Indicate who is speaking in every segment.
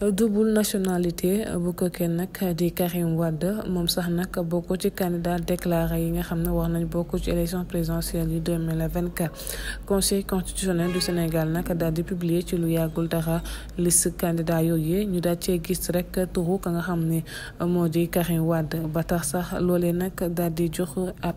Speaker 1: double nationalité bu kookee nag di Karim wadd moom sax nag bokk ci candidat déclaré yi nga xam ne war nañ bokk ci élection présidentielle yi 2024 conseil constitutionnel du Sénégal nag daal di publier ci lu yàggul dara liste candidat yooyu ñu daal cee gis rek turu ka nga xam ne moo di Karim Wade ba tax sax loolee nag daal di jox ab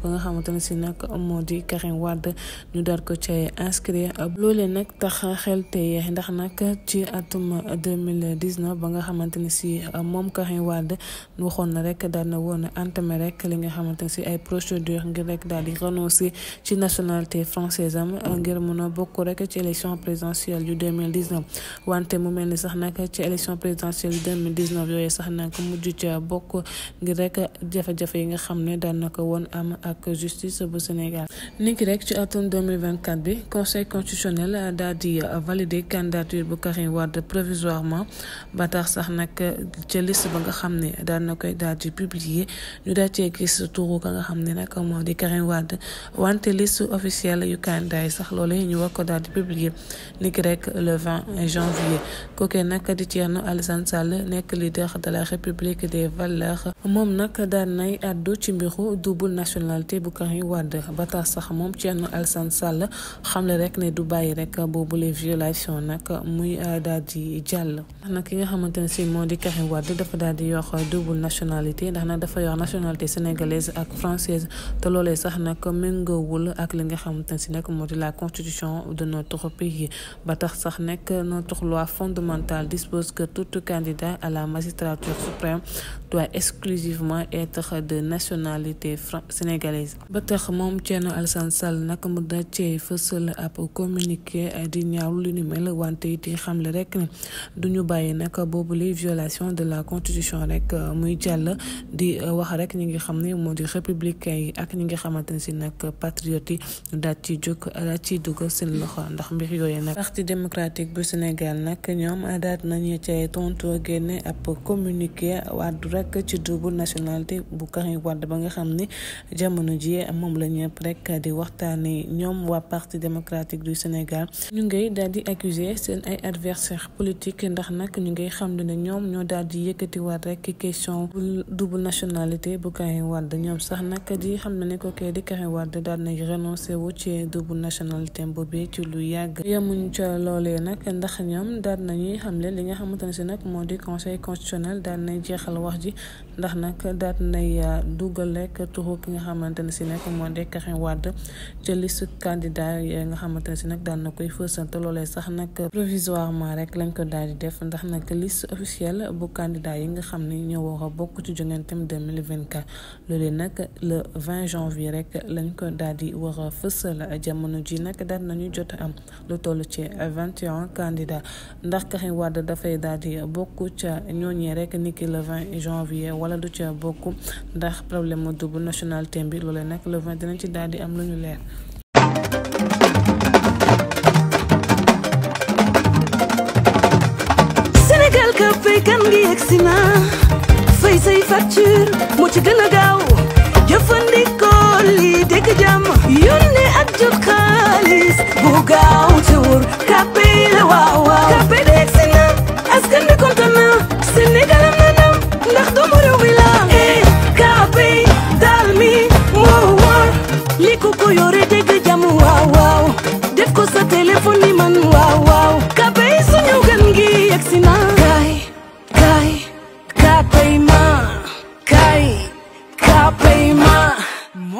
Speaker 1: ka nga xamante ne si nag moo di Karim Wade ñu daal ko cay inscrire loolee nag tax xel tey ndax nag ci atum 2019 ba nga xamante ne si moom Karim Wade waxoon na rek daal na woon entamé rek li nga xamante ne si ay procédure ngir rek daal di renoncer ci nationalité française am ngir mën a bokk rek ci élection présidentielle yu 2019 wante mu mel ni sax nag ci élection présidentielle yu 2019 yooyu sax nag mujj ca bokk ngir rek jafe-jafe yi nga xam ne daan na ko woon am ak justice bu Sénégal niki rek ci atum 2024 bi conseil constitutionnel daal di valider candidature bu Karim Wade provisoirement ba tax sax nag ca liste ba nga xam ne daal na koy daal di publier ñu daal cee gis turu ka nga xam ne nag moo di Karim Wade wante liste officielle yu candidat yi sax loolu ñu war ko daal di publier niki rek le 20 janvier kookee nag di Thierno Alassane Sall nekk leader de la République des valeurs moom nag daan nay addu ci mbiru double national personnalité bu Karim Wade ba tax sax moom Thierno Alassane Sall xamle rek ne du bàyyi rek boobu les violations nag muy euh, daal di jàll. ndax na ki nga xamante ne si moo di Karim Wade dafa daal di yor double nationalité ndax nag dafa yor nationalité sénégalaise ak française te loolee sax na nag méngoowul ak li nga xamante si nag moo di la constitution de notre pays ba tax sax nekk notre loi fondamentale dispose que tout candidat à la magistrature suprême doit exclusivement être de nationalité sénégalaise ba tax moom Thierno Alassane Sall nag mu daal cee fësal ab communiqué di ñaawlu lu ni mel wante di xamle rek ne duñu bàyyi nag boobu li violation de la constitution rek euh, muy jàll di euh, wax rek ñi nga xam ne moo di républicain yi ak ñi nga xamante ne si nag patriote yi daal ci jóg daal ci dugal seen loxo ndax mbir yooyu nag parti démocratique bu Sénégal nag ñoom daal nañu cay tontu génne ab communiqué wàddu rek rek bu Karim xam ne jamono ji moom la ñëpp rek di waxtaanee ñoom waa parti démocratique du Sénégal ñu ngay daal di accuser seen ay adversaire politique ndax nag ñu ngay xam ne ñoom ñoo daal di yëkkatiwaat rek question double nationalité bu Karim Wade ñoom sax nag di xam ne kookee di Karim Wade daal nañ renoncé wu ci double nationalité boobee ci lu yàgg yemuñ ca loolee nag ndax ñoom daal nañuy xamle li nga xamante si nag moo di conseil constitutionnel daal jeexal wax ji ji ndax nag daat nay euh, dugal rek turu ki nga xamante ne si nekk moo di Karim Wade ca liste candidat yi nga xamante ne si nag daan na koy fësal te loolee sax nag provisoirement rek lañ ko daal di def ndax nag liste officielle bu candidat yi nga xam ne ñoo war a bokk ci jonganteem 2024 loolee nag le 20 janvier rek lañ ko daal di war a fësal jamono ji nag daat nañu jot am lu toll ci 21 candidat ndax Karim Wade dafay daal bokk ca ñooñee rek niki le janvier wala du ca bokk ndax problème mu double nationalité bi loolee nag le ci daal di am lu ñu leer.
Speaker 2: Sénégal ka fay kan ngi yegsi na fay say facture mu ci gën gaaw jëfandikoo lii dégg jàmm yónnee ak jot xaalis bu gaaw te wóor la waaw waaw kàppee de yegsi na askan